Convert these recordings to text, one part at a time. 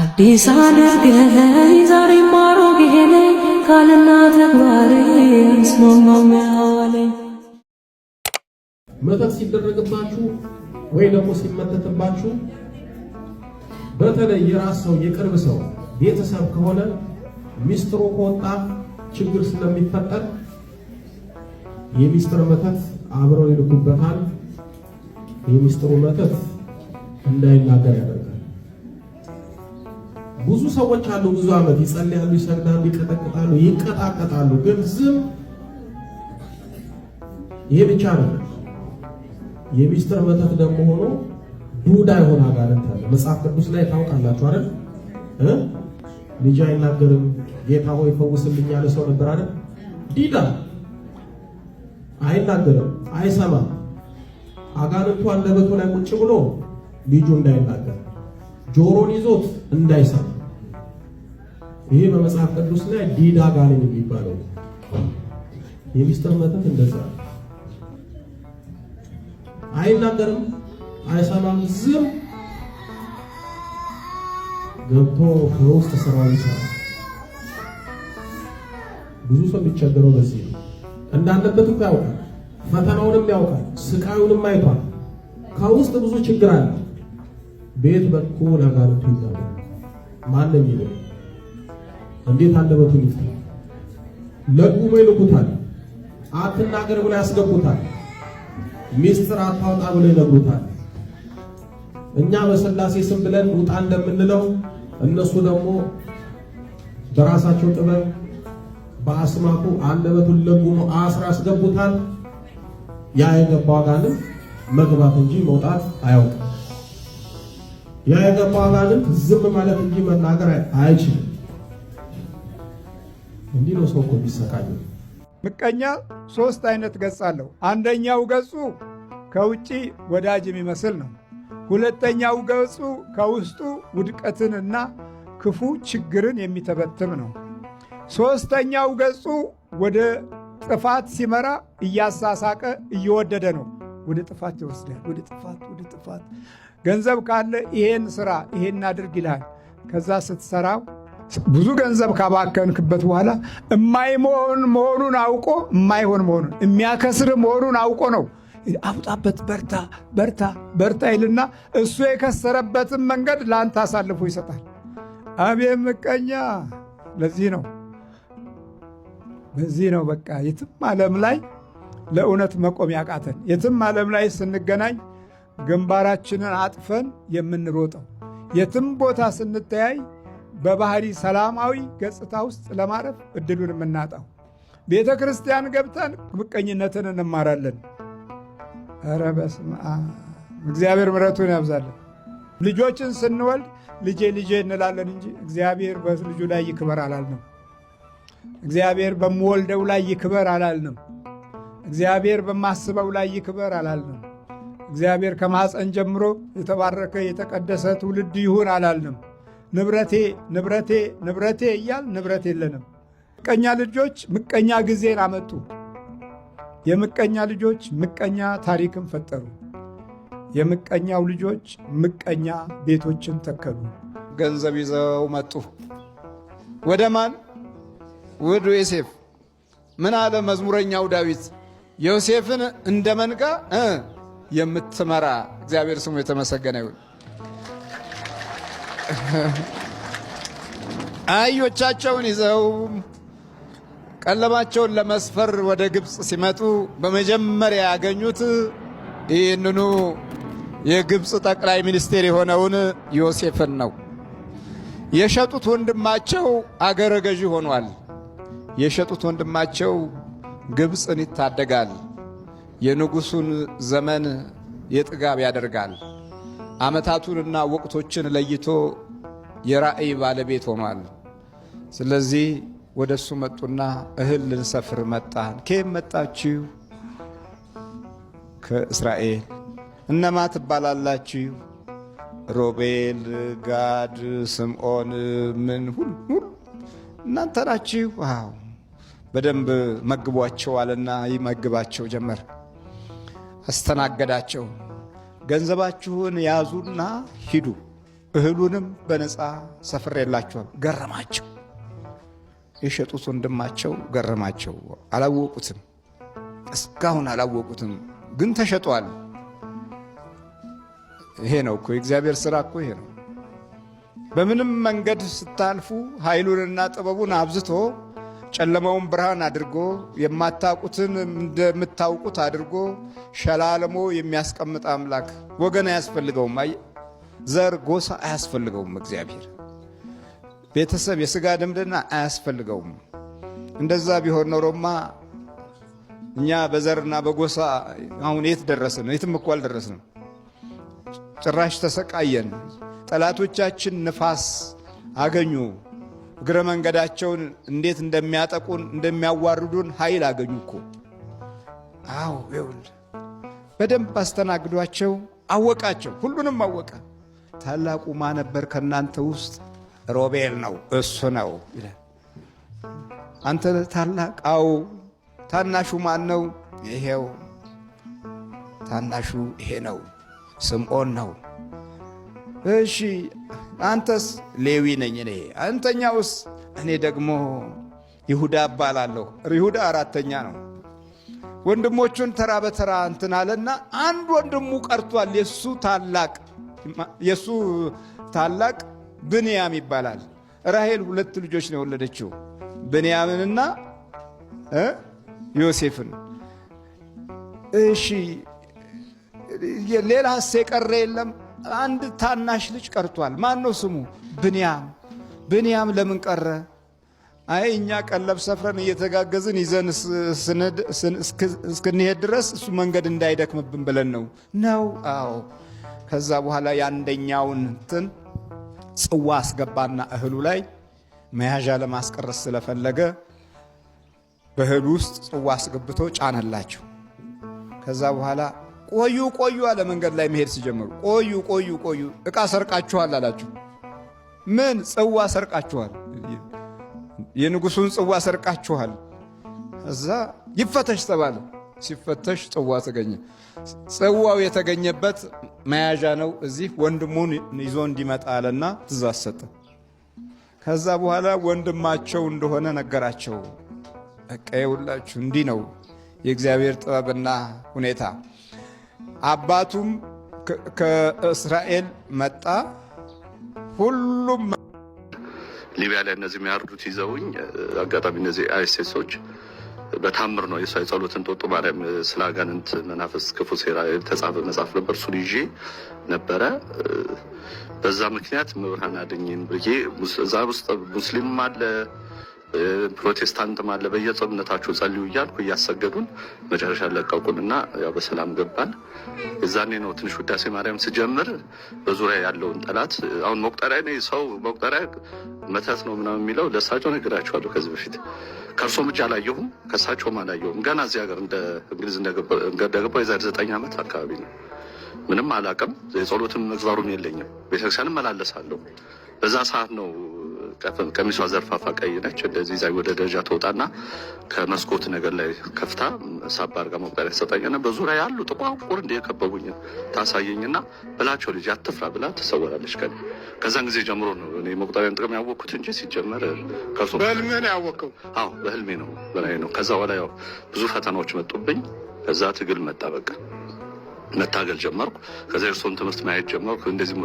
አዲስ አድርገኝ ዛሬ ማሮጌኔ ቃልና ተግባሬ ያስማማው ያዋለኝ። መተት ሲደረግባችሁ ወይ ደግሞ ሲመተትባችሁ በተለይ የራስ ሰው የቅርብ ሰው ቤተሰብ ከሆነ ሚስጥሩ ከወጣ ችግር ስለሚፈጠር የሚስጥር መተት አብረው ይልኩበታል። የሚስጥሩ መተት እንዳይናገር ያደርጋል። ብዙ ሰዎች አሉ። ብዙ ዓመት ይጸልያሉ፣ ይሰግዳሉ፣ ይቀጠቅጣሉ፣ ይቀጣቀጣሉ፣ ግን ዝም። ይሄ ብቻ ነው። የሚስጥር መተት ደግሞ ሆኖ ዱዳ የሆነ አጋንንት አለ። መጽሐፍ ቅዱስ ላይ ታውቃላችሁ አይደል? ልጅ አይናገርም፣ ጌታ ሆይ ፈውስልኝ ያለ ሰው ነበር አይደል? ዲዳ አይናገርም፣ አይሰማም። አጋንንቱ አንደበቱ ላይ ቁጭ ብሎ ልጁ እንዳይናገር ጆሮን ይዞት እንዳይሰማ ይሄ በመጽሐፍ ቅዱስ ላይ ዲዳ ጋኔን የሚባለው የሚስጥር መተት እንደዛ አይናገርም፣ አይሰማም፣ ዝም ገብቶ ከውስጥ ስራ ይሰራ። ብዙ ሰው የሚቸገረው በዚህ ነው። እንዳለበት እኮ ያውቃል፣ ፈተናውንም ያውቃል፣ ስቃዩንም አይቷል። ከውስጥ ብዙ ችግር አለ። ቤት በኩል አጋንንቱ ይዛለ ማንም ይለው እንዴት አንደበቱን ይፍታ? ለጉሞ ይልኩታል። አትናገር ብለው ያስገቡታል። ሚስጥር አታውጣ ብለው ይነግሩታል። እኛ በስላሴ ስም ብለን ውጣ እንደምንለው እነሱ ደግሞ በራሳቸው ጥበብ በአስማቱ አንደበቱን ለጉሞ አስራ ያስገቡታል። ያ የገባው አጋንንት መግባት እንጂ መውጣት አያውቅም። ያ የገባው አጋንንት ዝም ማለት እንጂ መናገር አይችልም። እንዲህ ነው ሰው እኮ ምቀኛ ሶስት አይነት ገጽ አለው። አንደኛው ገጹ ከውጪ ወዳጅ የሚመስል ነው። ሁለተኛው ገጹ ከውስጡ ውድቀትንና ክፉ ችግርን የሚተበትም ነው። ሦስተኛው ገጹ ወደ ጥፋት ሲመራ እያሳሳቀ እየወደደ ነው። ወደ ጥፋት ይወስዳል። ወደ ጥፋት ወደ ጥፋት ገንዘብ ካለ ይሄን ስራ ይሄን አድርግ ይልሃል። ከዛ ስትሰራው ብዙ ገንዘብ ካባከንክበት በኋላ የማይሆን መሆኑን አውቆ የማይሆን መሆኑን የሚያከስር መሆኑን አውቆ ነው አውጣበት፣ በርታ በርታ በርታ ይልና እሱ የከሰረበትን መንገድ ለአንተ አሳልፎ ይሰጣል። አቤ ምቀኛ! ለዚህ ነው በዚህ ነው በቃ የትም ዓለም ላይ ለእውነት መቆም ያቃተን። የትም ዓለም ላይ ስንገናኝ ግንባራችንን አጥፈን የምንሮጠው የትም ቦታ ስንተያይ በባህሪ ሰላማዊ ገጽታ ውስጥ ለማረፍ እድሉን የምናጣው። ቤተ ክርስቲያን ገብተን ምቀኝነትን እንማራለን። ኧረ በስመ አብ እግዚአብሔር ምሕረቱን ያብዛለን። ልጆችን ስንወልድ ልጄ ልጄ እንላለን እንጂ እግዚአብሔር በልጁ ላይ ይክበር አላልንም። እግዚአብሔር በምወልደው ላይ ይክበር አላልንም። እግዚአብሔር በማስበው ላይ ይክበር አላልንም። እግዚአብሔር ከማፀን ጀምሮ የተባረከ የተቀደሰ ትውልድ ይሁን አላልንም። ንብረቴ ንብረቴ ንብረቴ እያል ንብረት የለንም። ምቀኛ ልጆች ምቀኛ ጊዜን አመጡ። የምቀኛ ልጆች ምቀኛ ታሪክን ፈጠሩ። የምቀኛው ልጆች ምቀኛ ቤቶችን ተከሉ። ገንዘብ ይዘው መጡ። ወደ ማን? ውዱ ዮሴፍ። ምን አለ መዝሙረኛው ዳዊት? ዮሴፍን እንደ መንጋ የምትመራ እግዚአብሔር ስሙ የተመሰገነ ይሁን። አህዮቻቸውን ይዘው ቀለባቸውን ለመስፈር ወደ ግብፅ ሲመጡ በመጀመሪያ ያገኙት ይህንኑ የግብፅ ጠቅላይ ሚኒስቴር የሆነውን ዮሴፍን ነው። የሸጡት ወንድማቸው አገረ ገዢ ሆኗል። የሸጡት ወንድማቸው ግብፅን ይታደጋል። የንጉሡን ዘመን የጥጋብ ያደርጋል። ዓመታቱንና ወቅቶችን ለይቶ የራእይ ባለቤት ሆኗል። ስለዚህ ወደ እሱ መጡና እህል ልንሰፍር መጣን። ከየት መጣችሁ? ከእስራኤል። እነማ ትባላላችሁ? ሮቤል፣ ጋድ፣ ስምዖን ምን ሁሉ እናንተ ናችሁ? ዋው! በደንብ መግቧቸው አለና ይመግባቸው ጀመር። አስተናገዳቸው። ገንዘባችሁን ያዙና ሂዱ እህሉንም በነፃ ሰፍሬላቸዋል። ገረማቸው። የሸጡት ወንድማቸው ገረማቸው። አላወቁትም፣ እስካሁን አላወቁትም፣ ግን ተሸጧል። ይሄ ነው እኮ የእግዚአብሔር ስራ እኮ ይሄ ነው። በምንም መንገድ ስታልፉ ኃይሉንና ጥበቡን አብዝቶ ጨለማውን ብርሃን አድርጎ የማታውቁትን እንደምታውቁት አድርጎ ሸላለሞ የሚያስቀምጥ አምላክ ወገን አያስፈልገውም። አየ ዘር፣ ጎሳ አያስፈልገውም። እግዚአብሔር ቤተሰብ፣ የስጋ ድምድና አያስፈልገውም። እንደዛ ቢሆን ኖሮማ እኛ በዘርና በጎሳ አሁን የት ደረስን? የትም እኮ አልደረስንም። ጭራሽ ተሰቃየን። ጠላቶቻችን ንፋስ አገኙ። እግረ መንገዳቸውን እንዴት እንደሚያጠቁን እንደሚያዋርዱን ኃይል አገኙ እኮ። አዎ ይኸውልህ፣ በደንብ አስተናግዷቸው፣ አወቃቸው፣ ሁሉንም አወቃ። ታላቁ ማ ነበር ከእናንተ ውስጥ? ሮቤል ነው እሱ ነው ይላል። አንተ ታላቅ? አዎ። ታናሹ ማን ነው? ይሄው ታናሹ ይሄ ነው ስምዖን ነው። እሺ አንተስ? ሌዊ ነኝ እኔ። አንተኛውስ? እኔ ደግሞ ይሁዳ እባላለሁ። ይሁዳ አራተኛ ነው። ወንድሞቹን ተራ በተራ እንትን አለና አንድ ወንድሙ ቀርቷል፣ የሱ ታላቅ የእሱ ታላቅ ብንያም ይባላል። ራሄል ሁለት ልጆች ነው የወለደችው ብንያምንና ዮሴፍን። እሺ ሌላስ የቀረ የለም? አንድ ታናሽ ልጅ ቀርቷል። ማን ነው ስሙ? ብንያም። ብንያም ለምን ቀረ? አይ እኛ ቀለብ ሰፍረን እየተጋገዝን ይዘን እስክንሄድ ድረስ እሱ መንገድ እንዳይደክምብን ብለን ነው ነው። አዎ ከዛ በኋላ የአንደኛውን እንትን ጽዋ አስገባና እህሉ ላይ መያዣ ለማስቀረስ ስለፈለገ በእህሉ ውስጥ ጽዋ አስገብቶ ጫነላቸው። ከዛ በኋላ ቆዩ ቆዩ አለ። መንገድ ላይ መሄድ ሲጀምሩ ቆዩ ቆዩ ቆዩ፣ እቃ ሰርቃችኋል አላቸው። ምን ጽዋ ሰርቃችኋል? የንጉሱን ጽዋ ሰርቃችኋል። እዛ ይፈተሽ ተባለ። ሲፈተሽ ጽዋ ተገኘ። ጽዋው የተገኘበት መያዣ ነው። እዚህ ወንድሙን ይዞ እንዲመጣ አለና ትእዛዝ ሰጠ። ከዛ በኋላ ወንድማቸው እንደሆነ ነገራቸው። በቃ የውላችሁ እንዲህ ነው የእግዚአብሔር ጥበብና ሁኔታ። አባቱም ከእስራኤል መጣ። ሁሉም ሊቢያ ላይ እነዚህ የሚያርዱት ይዘውኝ አጋጣሚ እነዚህ አይሴሶች በታምር ነው የእሷ የጸሎትን እንጦጦ ማርያም ስለ አጋንንት መናፈስ ክፉ ሴራ የተጻፈ መጽሐፍ ነበር። እሱን ይዤ ነበረ። በዛ ምክንያት መብርሃን አድኝን ብዬ እዛ ውስጥ ሙስሊምም አለ ፕሮቴስታንትም አለ በየጾም ጸልዩ እያልኩ እያሰገዱን መጨረሻ ለቀቁንና ያው በሰላም ገባን። እዛኔ ነው ትንሽ ውዳሴ ማርያም ስጀምር በዙሪያ ያለውን ጠላት አሁን መቁጠሪያ ነ ሰው መቁጠሪያ መተት ነው ምናምን የሚለው ለእሳቸው ነግራቸዋለሁ ከዚህ በፊት ከእርሶም እጅ አላየሁም ከእሳቸውም አላየሁም። ገና እዚህ ሀገር እንደ እንግሊዝ እንደገባው የዛሬ ዘጠኝ ዓመት አካባቢ ነው። ምንም አላቅም። የጸሎትም ምግባሩም የለኝም። ቤተክርስቲያን እመላለሳለሁ። በዛ ሰዓት ነው ቀሚሷ ዘርፋፋ ቀይ ነች። እንደዚህ ዛ ወደ ደረጃ ተወጣና ከመስኮት ነገር ላይ ከፍታ ሳባ አድርጋ መቁጠሪያ ሰጠኝና በዙሪያ ያሉ ጥቋቁር እንደ የከበቡኝ ታሳየኝና ብላቸው ልጅ አትፍራ ብላ ትሰወራለች። ከ ከዛን ጊዜ ጀምሮ ነው እኔ መቁጠሪያን ጥቅም ያወቅኩት እንጂ ሲጀመር ከሱ በህልሜ ነው ያወቅከው? አዎ በህልሜ ነው በላይ ነው። ከዛ በኋላ ያው ብዙ ፈተናዎች መጡብኝ። ከዛ ትግል መጣ በቃ መታገል ጀመርኩ። ከዚ እርሶን ትምህርት ማየት ጀመርኩ። እንደዚህ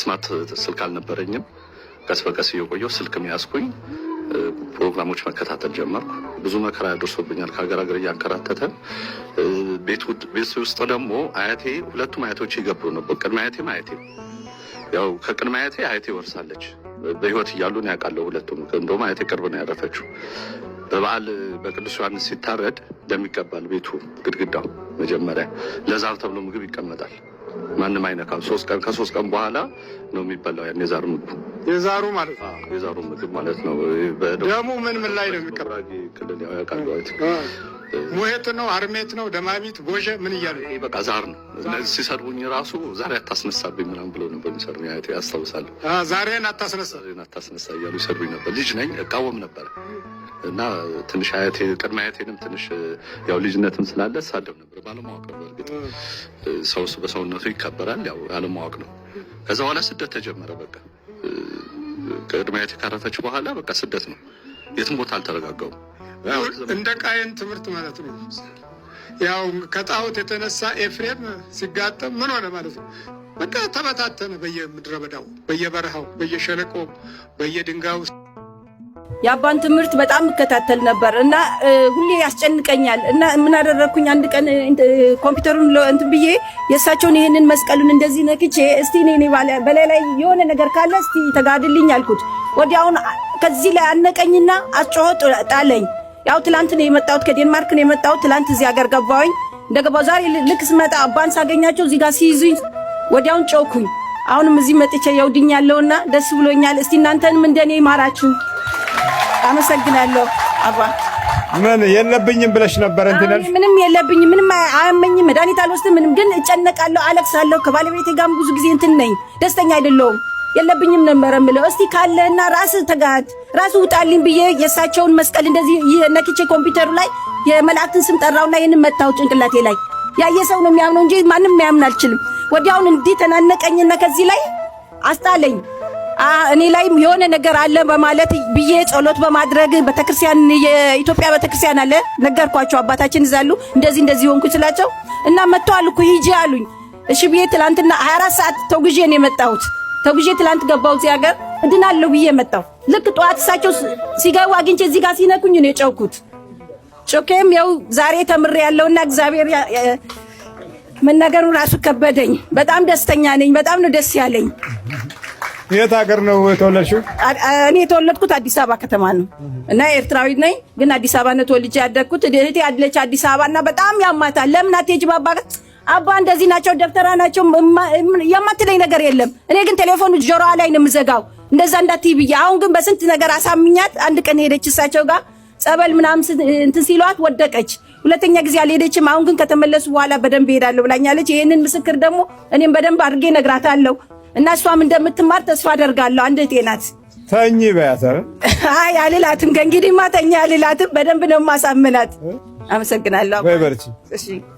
ስማርት ስልክ አልነበረኝም። ቀስ በቀስ እየቆየው ስልክ የሚያስኩኝ ፕሮግራሞች መከታተል ጀመርኩ። ብዙ መከራ ያደርሶብኛል ከሀገር ሀገር እያንከራተተ ቤት ውስጥ ደግሞ አያቴ፣ ሁለቱም አያቶች ይገብሩ ነበር። ቅድመ አያቴም አያቴ ያው ከቅድመ አያቴ አያቴ ወርሳለች በህይወት እያሉ ነው ያውቃለሁ። ሁለቱም እንደውም አያቴ ቅርብ ነው ያረፈችው። በበዓል በቅዱስ ዮሐንስ ሲታረድ ደም ይቀባል ቤቱ ግድግዳው መጀመሪያ ለዛር ተብሎ ምግብ ይቀመጣል። ማንም አይነካም። ሶስት ቀን ከሶስት ቀን በኋላ ነው የሚበላው ያን የዛሩ ምግብ የዛሩ ማለት የዛሩ ምግብ ማለት ነው። ደሙ ምን ምን ላይ ነው የሚቀራጊ ክልል ያው ያውቃሉ። ሙሄት ነው አርሜት ነው ደማቢት ጎጀ ምን እያለ በቃ ዛር ነው። እነዚህ ሲሰርቡኝ ራሱ ዛሬ አታስነሳብኝ ምናምን ብሎ ነበር የሚሰሩ ያስታውሳለሁ። ዛሬን አታስነሳ አታስነሳ እያሉ ይሰርቡኝ ነበር። ልጅ ነኝ እቃወም ነበር እና ትንሽ አያቴ ቅድመ አያቴንም ትንሽ ያው ልጅነትም ስላለ ሳደብ ነበር ባለማወቅ ነው። በእርግጥ ሰው በሰውነቱ ይከበራል፣ ያው አለማወቅ ነው። ከዛ በኋላ ስደት ተጀመረ። በቃ ቅድመ አያቴ ካረፈች በኋላ በቃ ስደት ነው። የትም ቦታ አልተረጋጋውም። እንደ ቃየን ትምህርት ማለት ነው። ያው ከጣሁት የተነሳ ኤፍሬም ሲጋጠም ምን ሆነ ማለት ነው። በቃ ተበታተነ፣ በየምድረ በዳው፣ በየበረሃው፣ በየሸለቆ፣ በየድንጋይ ውስጥ የአባን ትምህርት በጣም እከታተል ነበር እና ሁሌ ያስጨንቀኛል እና ምን አደረግኩኝ አንድ ቀን ኮምፒውተሩን እንትን ብዬ የእሳቸውን ይህንን መስቀሉን እንደዚህ ነክቼ እስቲ እኔ በላይ ላይ የሆነ ነገር ካለ እስቲ ተጋድልኝ አልኩት። ወዲያውን ከዚህ ላይ አነቀኝና አጮሆ ጣለኝ። ያው ትላንት ነው የመጣሁት፣ ከዴንማርክ ነው የመጣሁት። ትላንት እዚህ ሀገር ገባሁኝ። እንደገባሁ ዛሬ ልክ ስመጣ አባን ሳገኛቸው እዚህ ጋር ሲይዙኝ ወዲያውን ጮኩኝ። አሁንም እዚህ መጥቼ የውድኛለሁና ደስ ብሎኛል። እስቲ እናንተንም እንደኔ ይማራችሁ። አመሰግናለሁ። አባ ምን የለብኝም ብለሽ ነበር እንትን ምንም የለብኝም፣ ምንም አያመኝም፣ መድኃኒት አልወስድም፣ ምንም ግን እጨነቃለሁ፣ አለቅሳለሁ። ከባለቤቴ ጋርም ብዙ ጊዜ እንትን ነኝ፣ ደስተኛ አይደለሁም። የለብኝም ነበረ ምለው። እስቲ ካለና ራስ ተጋት ራስ ውጣልኝ ብዬ የእሳቸውን መስቀል እንደዚህ ነክቼ ኮምፒውተሩ ላይ የመላእክትን ስም ጠራውና ይህንን መታው ጭንቅላቴ ላይ። ያየ ሰው ነው የሚያምነው እንጂ ማንም የሚያምን አልችልም። ወዲያውን እንዲህ ተናነቀኝና ከዚህ ላይ አስጣለኝ። እኔ ላይም የሆነ ነገር አለ በማለት ብዬ ጸሎት በማድረግ ቤተክርስቲያን የኢትዮጵያ ቤተክርስቲያን አለ ነገርኳቸው። አባታችን ይዛሉ እንደዚህ እንደዚህ ሆንኩ ስላቸው እና መጥተዋል እኮ ሂጂ አሉኝ። እሺ ብዬ ትላንትና 24 ሰዓት ተጉዤ ነው የመጣሁት። ተጉዤ ትላንት ገባሁ እዚህ ሀገር እድናለሁ ብዬ መጣሁ። ልክ ጠዋት እሳቸው ሲገቡ አግኝቼ እዚህ ጋር ሲነኩኝ ነው የጨውኩት። ጮኬም ያው ዛሬ ተምሬ ያለውና እግዚአብሔር መናገሩ ራሱ ከበደኝ። በጣም ደስተኛ ነኝ። በጣም ነው ደስ ያለኝ። የት ሀገር ነው የተወለድሽው? እኔ የተወለድኩት አዲስ አበባ ከተማ ነው እና ኤርትራዊ ነኝ፣ ግን አዲስ አበባ ነው ተወልጄ ያደግኩት። እህቴ አለች አዲስ አበባ እና በጣም ያማታል። ለምን አትሄጂም? አባ አባ እንደዚህ ናቸው፣ ደብተራ ናቸው፣ የማትለኝ ነገር የለም። እኔ ግን ቴሌፎኑ ጆሮዋ ላይ ነው የምዘጋው፣ እንደዛ እንዳትይ ብዬ። አሁን ግን በስንት ነገር አሳምኛት። አንድ ቀን ሄደች እሳቸው ጋር ጸበል ምናምን እንትን ሲሏት ወደቀች። ሁለተኛ ጊዜ አልሄደችም። አሁን ግን ከተመለሱ በኋላ በደንብ እሄዳለሁ ብላኛለች። ይህንን ምስክር ደግሞ እኔም በደንብ አድርጌ ነግራታለሁ። እና እሷም እንደምትማር ተስፋ አደርጋለሁ። አንድ እህቴ ናት። ተኝ በያተር አይ አልላትም። ከእንግዲህማ ተኛ አልላትም። በደንብ ነው ማሳምናት። አመሰግናለሁ። ወይ በርቺ።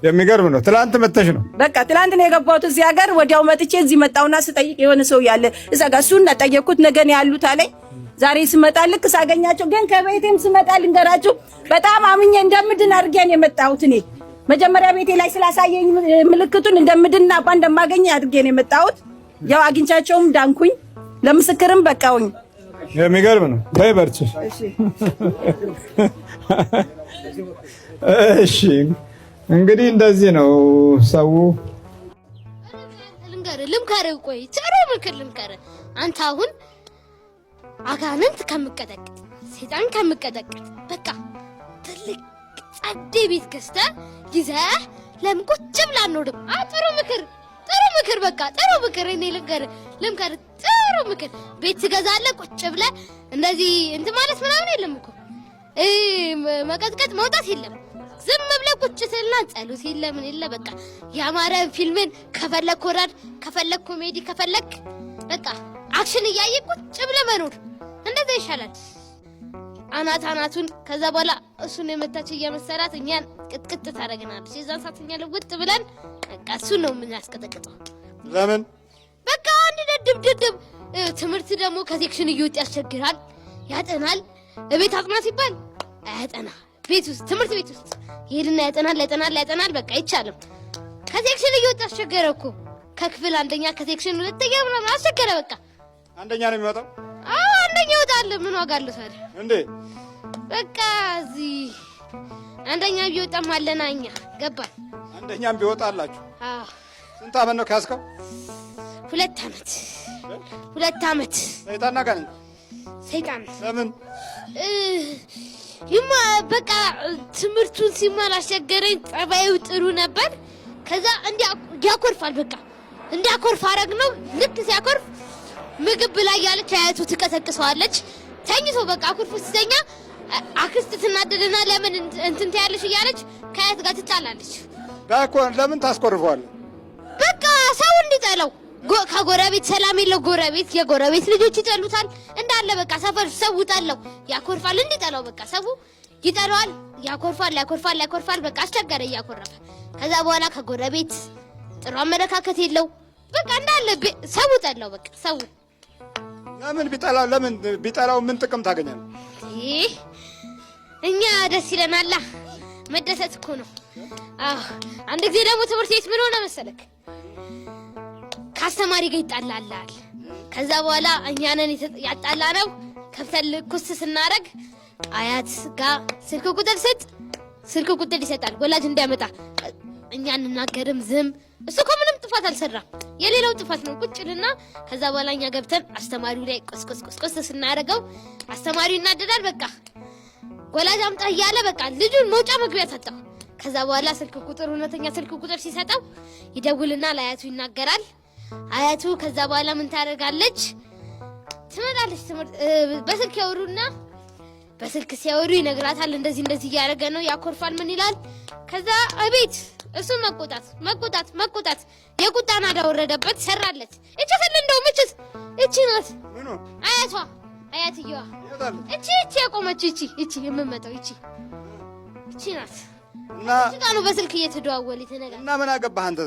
የሚገርም ነው። ትላንት መተሽ ነው? በቃ ትላንት ነው የገባሁት እዚህ ሀገር። ወዲያው መጥቼ እዚህ መጣውና ስጠይቅ የሆነ ሰው ያለ እዛ ጋር እሱን ጠየቅኩት። ነገን ያሉት አለኝ። ዛሬ ስመጣ ልክ ሳገኛቸው ግን ከቤቴም ስመጣ ልንገራችሁ በጣም አምኜ እንደምድን አድርጌን የመጣሁት እኔ መጀመሪያ ቤቴ ላይ ስላሳየኝ ምልክቱን እንደምድን አባ እንደማገኝ አድርጌን የመጣሁት ያው አግኝቻቸውም ዳንኩኝ፣ ለምስክርም በቃውኝ። የሚገርም ነው። በይ በርቺ። እሺ እንግዲህ እንደዚህ ነው ሰው ልምከርህ ቆይ ጥሩ ምክር ልምከርህ። አንተ አሁን አጋንንት ከምቀጠቅጥ ሴጣን ከምቀጠቅጥ በቃ ትልቅ ጸዴ ቤት ገዝተህ ይዘህ ለምን ቁጭ ብላ አንኖርም? ጥሩ ምክር ጥሩ ምክር፣ በቃ ጥሩ ምክር። እኔ ልምከርህ ልምከርህ፣ ጥሩ ምክር። ቤት ትገዛለህ፣ ቁጭ ብለህ እንደዚህ እንትን ማለት ምናምን የለም እኮ መቀጥቀጥ መውጣት የለም። ዝም ብለህ ቁጭ ስልና ጸሎት የለ ምን የለ በቃ ያማረ ፊልምን ከፈለክ ኮራድ ከፈለክ ኮሜዲ፣ ከፈለክ በቃ አክሽን እያየ ቁጭ ብለህ መኖር እንደዛ ይሻላል። አናት አናቱን ከዛ በኋላ እሱን የመታች እየመሰላት እኛን ቅጥቅጥ ታደርገናለች። የዛን ሰዓት እኛ ልውጥ ብለን በቃ እሱ ነው የምናስቀጠቅጠው። ለምን በቃ አንድ ደድብ ድድብ ትምህርት ደግሞ ከሴክሽን እየወጥ ያስቸግራል። ያጠናል ቤት አጥና ሲባል አያጠና ቤት ውስጥ ትምህርት ቤት ውስጥ ይሄድና ያጠናል ያጠናል ያጠናል። በቃ አይቻልም። ከሴክሽን እየወጥ ያስቸገረ እኮ ከክፍል አንደኛ ከሴክሽን ሁለተኛ ምናምን አስቸገረ። በቃ አንደኛ ነው የሚወጣው። አዎ አንደኛ ይወጣል። ምን ዋጋ አለው ታዲያ እንዴ? በቃ እዚህ አንደኛ ቢወጣም አለና እኛ ገባል። አንደኛም ቢወጣ አላችሁ። ስንት አመት ነው ከያዝከው? ሁለት አመት ሁለት አመት። ሰይጣን ጋር ሰይጣን ለምን ይማ በቃ ትምህርቱን ሲማር አስቸገረኝ። ጠባዩ ጥሩ ነበር። ከዛ እንዲ ያኮርፋል። በቃ እንዲያኮርፍ አረግ ነው። ልክ ሲያኮርፍ ምግብ ላይ ያለች አያቱ ትቀሰቅሰዋለች። ተኝቶ በቃ ኩርፍ ሲተኛ አክስት ትናደደና ለምን እንትን ትያለሽ እያለች ከአያት ጋር ትጣላለች። ዳኮን ለምን ታስቆርፈዋል? በቃ ሰው እንዲጠላው ከጎረቤት ሰላም የለው ጎረቤት የጎረቤት ልጆች ይጠሉታል እንዳለ በቃ ሰፈር ሰው ጠላው ያኮርፋል እንዲጠላው በቃ ሰው ይጠላዋል ያኮርፋል ያኮርፋል ያኮርፋል በቃ አስቸገረ እያኮረፈ ከዛ በኋላ ከጎረቤት ጥሩ አመለካከት የለው በቃ እንዳለ ሰው ጠላው በቃ ሰው ለምን ቢጠላው ለምን ቢጠላው ምን ጥቅም ታገኛለህ? እኛ ደስ ይለናላ። መደሰት እኮ ነው። አንድ ጊዜ ደግሞ ትምህርት ቤት ምን ሆነ መሰለክ፣ ከአስተማሪ ጋር ይጣላላል። ከዛ በኋላ እኛንን ያጣላ ነው ከብተል ኩስ ስናደርግ አያት ጋር ስልክ ቁጥር ስጥ፣ ስልክ ቁጥር ይሰጣል ወላጅ እንዲያመጣ። እኛ እንናገርም ዝም። እሱ እኮ ምንም ጥፋት አልሰራም፣ የሌላው ጥፋት ነው። ቁጭልና ከዛ በኋላ እኛ ገብተን አስተማሪው ላይ ቆስቆስ ቆስቆስ ስናደርገው አስተማሪው ይናደዳል። በቃ ወላጅ አምጣ እያለ በቃ ልጁን መውጫ መግቢያ ሰጠው። ከዛ በኋላ ስልክ ቁጥር እውነተኛ ስልክ ቁጥር ሲሰጠው ይደውልና ለአያቱ ይናገራል። አያቱ ከዛ በኋላ ምን ታደርጋለች? ትመጣለች። በስልክ ያወሩና በስልክ ሲያወሩ ይነግራታል። እንደዚህ እንደዚህ እያደረገ ነው ያኮርፋል። ምን ይላል? ከዛ አቤት እሱን መቆጣት መቆጣት መቆጣት የቁጣ ናዳ ወረደበት። ሰራለት። እቺ እንደው ምችት እቺ ናት አያቷ አያትየዋ እቺ እቺ የቆመች እቺ እቺ የምመጣው እቺ እቺ ናት። እና ነው በስልክ እየተደዋወል እና ምን አገባህ አንተ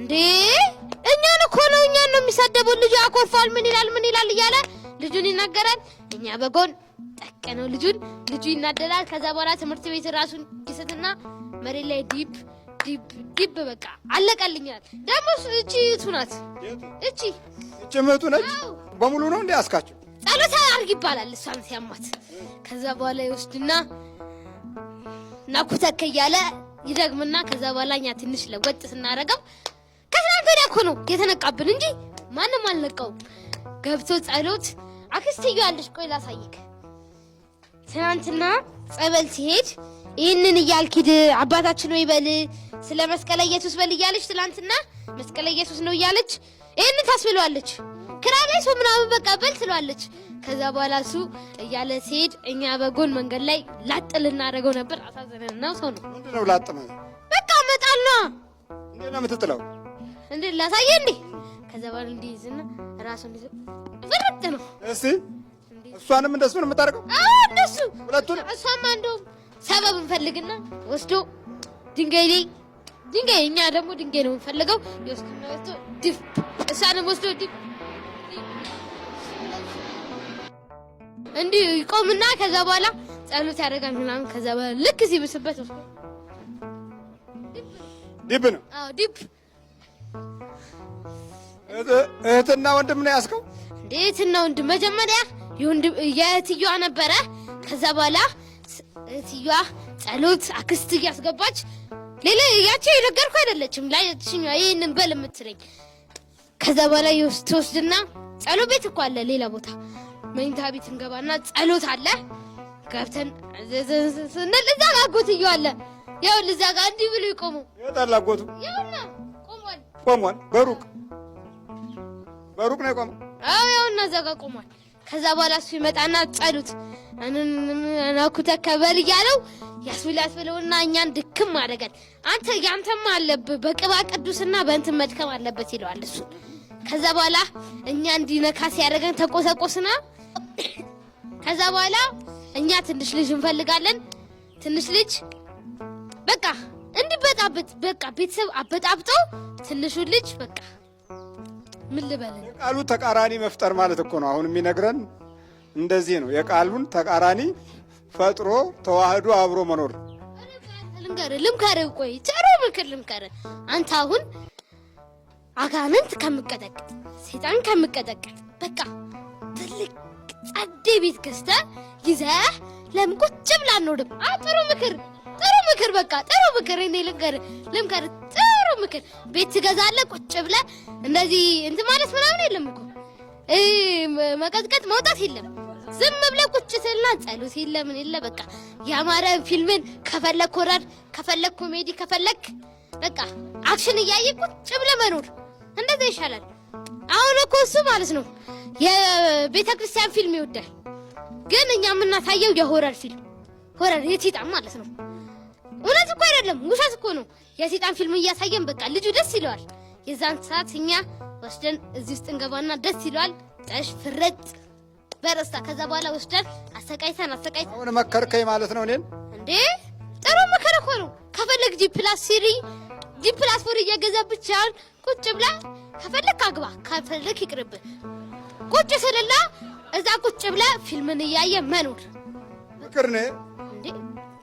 እንዴ? እኛን እኮ ነው እኛን ነው የሚሳደቡን። ልጁ አኮርፏል፣ ምን ይላል ምን ይላል እያለ ልጁን ይናገራል። እኛ በጎን ጠቅ ነው ልጁን ልጁ ይናደዳል። ከዛ በኋላ ትምህርት ቤት ራሱን ይስትና መሬት ላይ ዲፕ ዲፕ ዲፕ በቃ አለቀልኛል። ደግሞ እቺ እቱ ናት። እቺ እቺ ምቱ ነች። በሙሉ ነው እንዴ አስካቸው ጸሎት አርግ ይባላል። እሷን ሲያማት ከዛ በኋላ ይወስድና ናኩተከ እያለ ይደግምና ከዛ በኋላ እኛ ትንሽ ለወጥ ስናረገው ከትናንት ወዲያ እኮ ነው የተነቃብን እንጂ ማንም አልነቀው። ገብቶ ጸሎት አክስትዮ አለች። ቆይ ላሳይክ። ትናንትና ጸበል ሲሄድ ይህንን እያልኪድ አባታችን ነው ይበል፣ ስለ መስቀለ ኢየሱስ በል እያለች ትናንትና መስቀለ ኢየሱስ ነው እያለች ይህንን ታስብለዋለች። ክራይ ላይ ምናምን በቃ በል ትሏለች። ከዛ በኋላ እሱ እያለ ሲሄድ እኛ በጎን መንገድ ላይ ላጥ ልናደርገው ነበር። አሳዘነን። ነው ሰው ነው ምንድነው? ላጥ ማለት በቃ መጣልና እንዴ ነው የምትጥለው? እንዴ ላሳየ እንዴ። ከዛ በኋላ እንዲህ ይዝና ራሱ እንዲህ ፍርጥ ነው። እሺ እሷንም እንደሱ ነው የምታደርገው? አዎ እንደሱ ሁለቱን። እሷማ እንደውም ሰበብ እንፈልግና ወስዶ ድንጋይ ላይ ድንጋይ፣ እኛ ደግሞ ድንጋይ ነው የምንፈልገው። ይወስድና ወስዶ ድፍ፣ እሷንም ወስዶ ድፍ እንዲህ ይቆምና ከዛ በኋላ ጸሎት ያደርጋል ምናምን። ከዛ በኋላ ልክ ሲብስበት ነው ዲፕ ነው። አዎ ዲፕ። እህትና ወንድም ነው ያስከው እህትና ወንድም መጀመሪያ የእህትዮዋ ነበረ። ከዛ በኋላ እህትዮዋ ጸሎት አክስት እያስገባች ሌላ ያቺ የነገርኩህ አይደለችም ላይ ይህንን በል የምትለኝ ከዛ በኋላ ትወስድና ጸሎት ቤት እኮ አለ ሌላ ቦታ መኝታ ቤት እንገባና ጸሎት አለ ገብተን ስንል እዛ ጋር አጎትየው አለ። ይኸውልህ እዛ ጋር እንዲህ ብሎ ይቆሙ ይወጣል። አጎቱ ይኸውልህ ቆሟል፣ ቆሟል። በሩቅ በሩቅ ነው የቆመው። አዎ ይኸውና እዛ ጋር ቆሟል። ከዛ በኋላ እሱ ይመጣና ጸሎት አናኩ ተከበል እያለው ያስብላት ብለውና እኛን ድክም አደረገን። አንተ ያንተማ አለብህ በቅባ ቅዱስና በእንትን መድከም አለበት ይለዋል እሱ ከዛ በኋላ እኛ እንዲነካ ሲያደርገን ተቆሰቆስና ከዛ በኋላ እኛ ትንሽ ልጅ እንፈልጋለን። ትንሽ ልጅ በቃ እንዲበጣበጥ በቃ ቤተሰብ አበጣብጦ ትንሹን ልጅ በቃ ምን ልበለን፣ የቃሉ ተቃራኒ መፍጠር ማለት እኮ ነው። አሁን የሚነግረን እንደዚህ ነው። የቃሉን ተቃራኒ ፈጥሮ ተዋህዶ አብሮ መኖር ልምከር ልምከር ቆይ ጨሮ ምክር ልምከር አንተ አሁን አጋንንት ከምቀጠቅጥ ሰይጣን ከምቀጠቅጥ በቃ ትልቅ ጸዴ ቤት ገዝተህ ይዘህ ለምን ቁጭ ብላ አንወድም? ጥሩ ምክር፣ ጥሩ ምክር፣ በቃ ጥሩ ምክር። እኔ ልንገርህ ልምከርህ፣ ጥሩ ምክር። ቤት ትገዛለህ ቁጭ ብለህ እንደዚህ እንትን ማለት ምናምን የለም እኮ መቀጥቀጥ መውጣት የለም። ዝም ብለህ ቁጭ ስልና ጸሎት የለ ምን የለ በቃ ያማረን ፊልምን ከፈለክ ኮረር ከፈለክ ኮሜዲ ከፈለክ በቃ አክሽን እያየ ቁጭ ብለህ መኖር እንደዛ ይሻላል። አሁን እኮ እሱ ማለት ነው የቤተ ክርስቲያን ፊልም ይወዳል፣ ግን እኛ የምናሳየው የሆረር ፊልም ሆረር የሴጣን ማለት ነው። እውነት እኮ አይደለም ውሸት እኮ ነው። የቲጣን ፊልም እያሳየን በቃ ልጁ ደስ ይለዋል። የዛን ሰዓት እኛ ወስደን እዚህ ውስጥ እንገባና ደስ ይለዋል። ጠሽ ፍረጥ በረስታ ከዛ በኋላ ወስደን አሰቃይተን አሰቃይተን አሁን መከርከኝ ማለት ነው እኔን እንዴ ጥሩ መከረ ነው ከፈለግ ጂ ፕላስ ሲሪ ዲፕላስፖር እየገዛ ብቻን ቁጭ ብላ ከፈለክ አግባ ከፈለክ ይቅርብ ቁጭ ስለላ እዛ ቁጭ ብላ ፊልምን እያየ መኖር ምክር ነው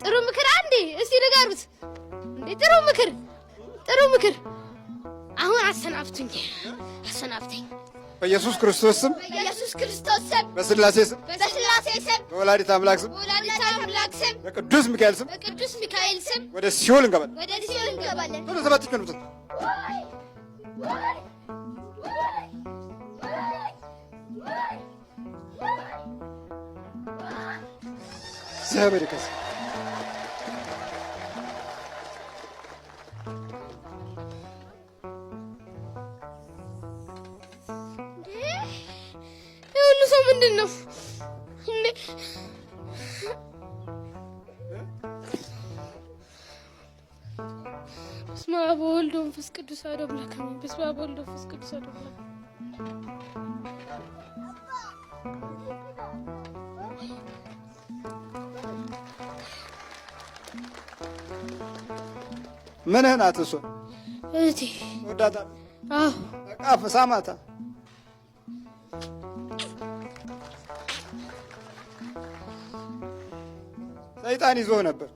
ጥሩ ምክር አንዴ እስቲ ንገሩት እንዴ! ጥሩ ምክር ጥሩ ምክር። አሁን አሰናብቱኝ፣ አሰናብተኝ። በኢየሱስ ክርስቶስ ስም በኢየሱስ ክርስቶስ ስም በስላሴ ስም በስላሴ ስም በወላዲት አምላክ ስም በወላዲት አምላክ ስም በቅዱስ ሚካኤል ስም በቅዱስ ሚካኤል ስም ወደ ሲኦል እንገባለን ወደ ሲኦል እንገባለን። ወደ ሰባት ቀኑት እግዚአብሔር ይመስገን። ምንድን ነው? በስመ አብ ወወልድ ወመንፈስ ቅዱስ አሐዱ አምላክ አሜን። በስመ አብ ወወልድ ወመንፈስ ቅዱስ አሐዱ አምላክ ምንህን አትሶ እህቴ ወዳታ አዎ በቃ ሳማታ ሰይጣን ይዞ ነበር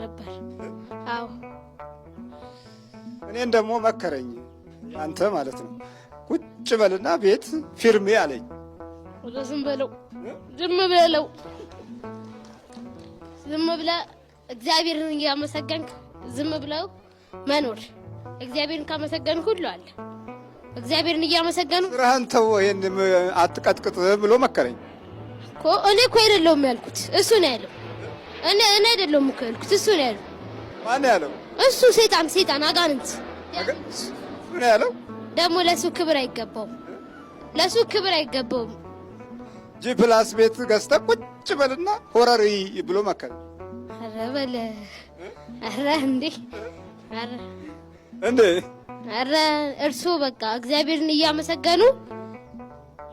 ነበር። አዎ እኔን ደግሞ መከረኝ። አንተ ማለት ነው ቁጭ በልና ቤት ፊርሜ አለኝ። ወደ ዝም በለው ዝም በለው ዝም ብለ እግዚአብሔርን እያመሰገንክ ዝም ብለው መኖር። እግዚአብሔርን ካመሰገንክ ሁሉ አለ። እግዚአብሔርን እያመሰገንኩ ስራህን ተው፣ ይሄን አትቀጥቅጥ ብሎ መከረኝ። እኮ እኔ እኮ አይደለሁም ያልኩት እሱ ነው ያለው። እኔ እኔ አይደለሁም እኮ ያልኩት እሱ ነው ያለው። ማን ያለው? እሱ ሰይጣን፣ ሰይጣን አጋንንት እሱ ነው ያለው። ደግሞ ለሱ ክብር አይገባውም፣ ለሱ ክብር አይገባውም። ጂ ፕላስ ቤት ገዝተህ ቁጭ በልና ሆረሪ ብሎ መከረ። ኧረ በለ ኧረ እንዴ አረ እንዴ አረ እርሱ በቃ እግዚአብሔርን እያመሰገኑ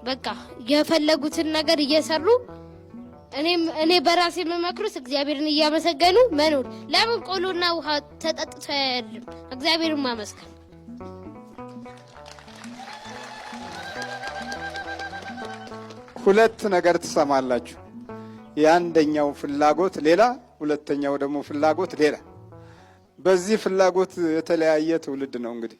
በቃ የፈለጉትን ነገር እየሰሩ እኔ በራሴ የምመክሩት እግዚአብሔርን እያመሰገኑ መኖር። ለምን ቆሎና ውሃ ተጠጥቶ አያልም? እግዚአብሔርን ማመስገን። ሁለት ነገር ትሰማላችሁ። የአንደኛው ፍላጎት ሌላ፣ ሁለተኛው ደግሞ ፍላጎት ሌላ። በዚህ ፍላጎት የተለያየ ትውልድ ነው እንግዲህ